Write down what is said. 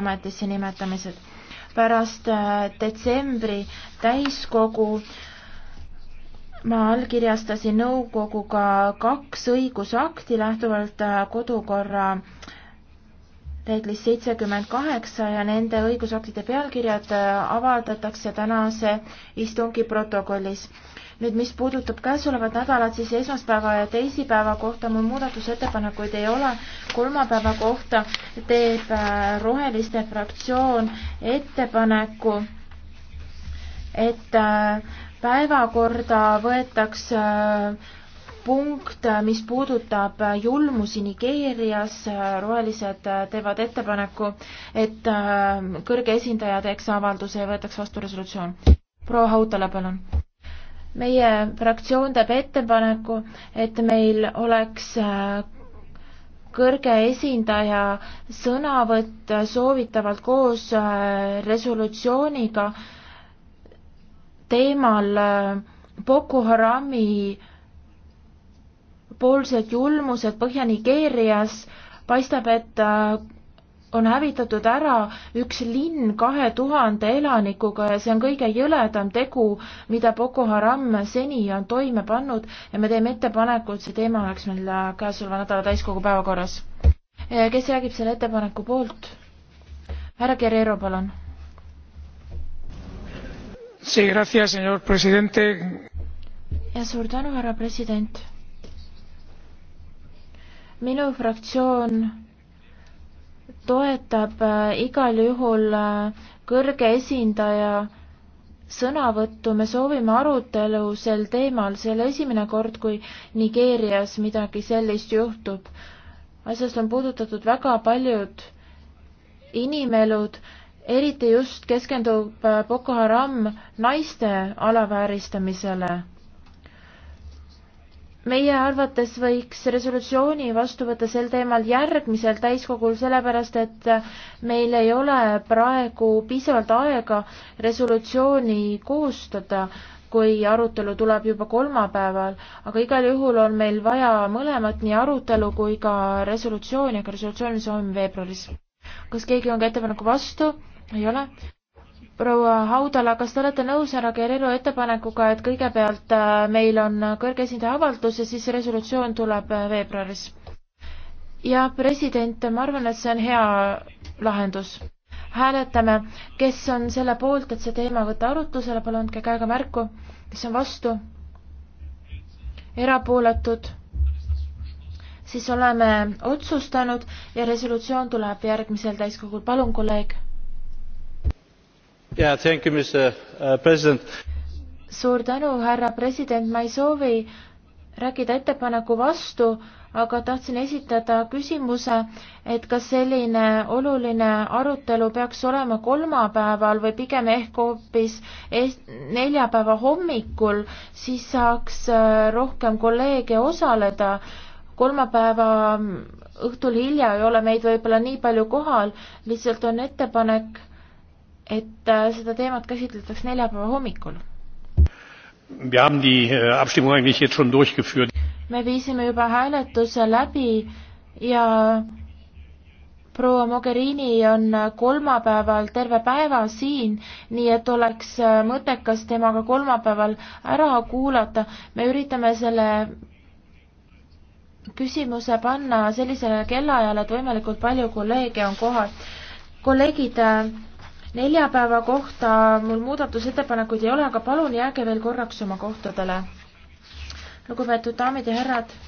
ametisse nimetamised. pärast äh, detsembri täiskogu ma allkirjastasin nõukoguga kaks õigusakti lähtuvalt äh, kodukorra reeglist seitsekümmend kaheksa ja nende õigusaktide pealkirjad äh, avaldatakse tänase istungi protokollis nüüd, mis puudutab käesolevat nädalat, siis esmaspäeva ja teisipäeva kohta mul muudatusettepanekuid ei ole. kolmapäeva kohta teeb äh, Roheliste fraktsioon ettepaneku, et äh, päevakorda võetaks äh, punkt, mis puudutab julmusi Nigeerias, rohelised teevad ettepaneku, et kõrge esindaja teeks avalduse ja võetaks vastu resolutsioon. proua Hautala, palun meie fraktsioon teeb ettepaneku, et meil oleks äh, kõrge esindaja sõnavõtt soovitavalt koos äh, resolutsiooniga teemal äh, Boko Harami poolsed julmused Põhja-Nigeerias, paistab, et on hävitatud ära üks linn kahe tuhande elanikuga ja see on kõige jõledam tegu, mida Boko Haram seni on toime pannud ja me teeme ettepaneku, et see teema oleks meil äh, käesoleva nädala täiskogu päevakorras. Äh, kes räägib selle ettepaneku poolt? härra Guerrero, palun. ja suur tänu, härra president. minu fraktsioon toetab äh, igal juhul äh, kõrge esindaja sõnavõttu, me soovime arutelu sel teemal, see ei ole esimene kord, kui Nigeerias midagi sellist juhtub. asjast on puudutatud väga paljud inimelud, eriti just keskendub äh, Boko Haram naiste alavääristamisele meie arvates võiks resolutsiooni vastu võtta sel teemal järgmisel täiskogul, sellepärast et meil ei ole praegu piisavalt aega resolutsiooni koostada, kui arutelu tuleb juba kolmapäeval, aga igal juhul on meil vaja mõlemat, nii arutelu kui ka resolutsiooni, aga resolutsiooni soovime veebruaris. kas keegi on ka ettepaneku vastu? ei ole? proua Haudala, kas te olete nõus härra Guerrero ettepanekuga, et kõigepealt äh, meil on kõrge esindaja avaldus ja siis resolutsioon tuleb äh, veebruaris? ja president, ma arvan, et see on hea lahendus. hääletame, kes on selle poolt, et see teema võtta arutlusele, palun andke käega märku, kes on vastu, erapooletud, siis oleme otsustanud ja resolutsioon tuleb järgmisel täiskogul, palun, kolleeg Uh, suur tänu, härra president, ma ei soovi rääkida ettepaneku vastu, aga tahtsin esitada küsimuse, et kas selline oluline arutelu peaks olema kolmapäeval või pigem ehk hoopis neljapäeva hommikul, siis saaks äh, rohkem kolleege osaleda. kolmapäeva mm, õhtul hilja ei ole meid võib-olla nii palju kohal, lihtsalt on ettepanek et äh, seda teemat käsitletaks neljapäeva hommikul. Äh, me viisime juba hääletuse läbi ja proua Mogherini on kolmapäeval terve päeva siin, nii et oleks äh, mõttekas temaga kolmapäeval ära kuulata. me üritame selle küsimuse panna sellisele kellaajale, et võimalikult palju kolleege on kohal. kolleegid neljapäeva kohta mul muudatusettepanekuid ei ole, aga palun jääge veel korraks oma kohtadele. lugupeetud daamid ja härrad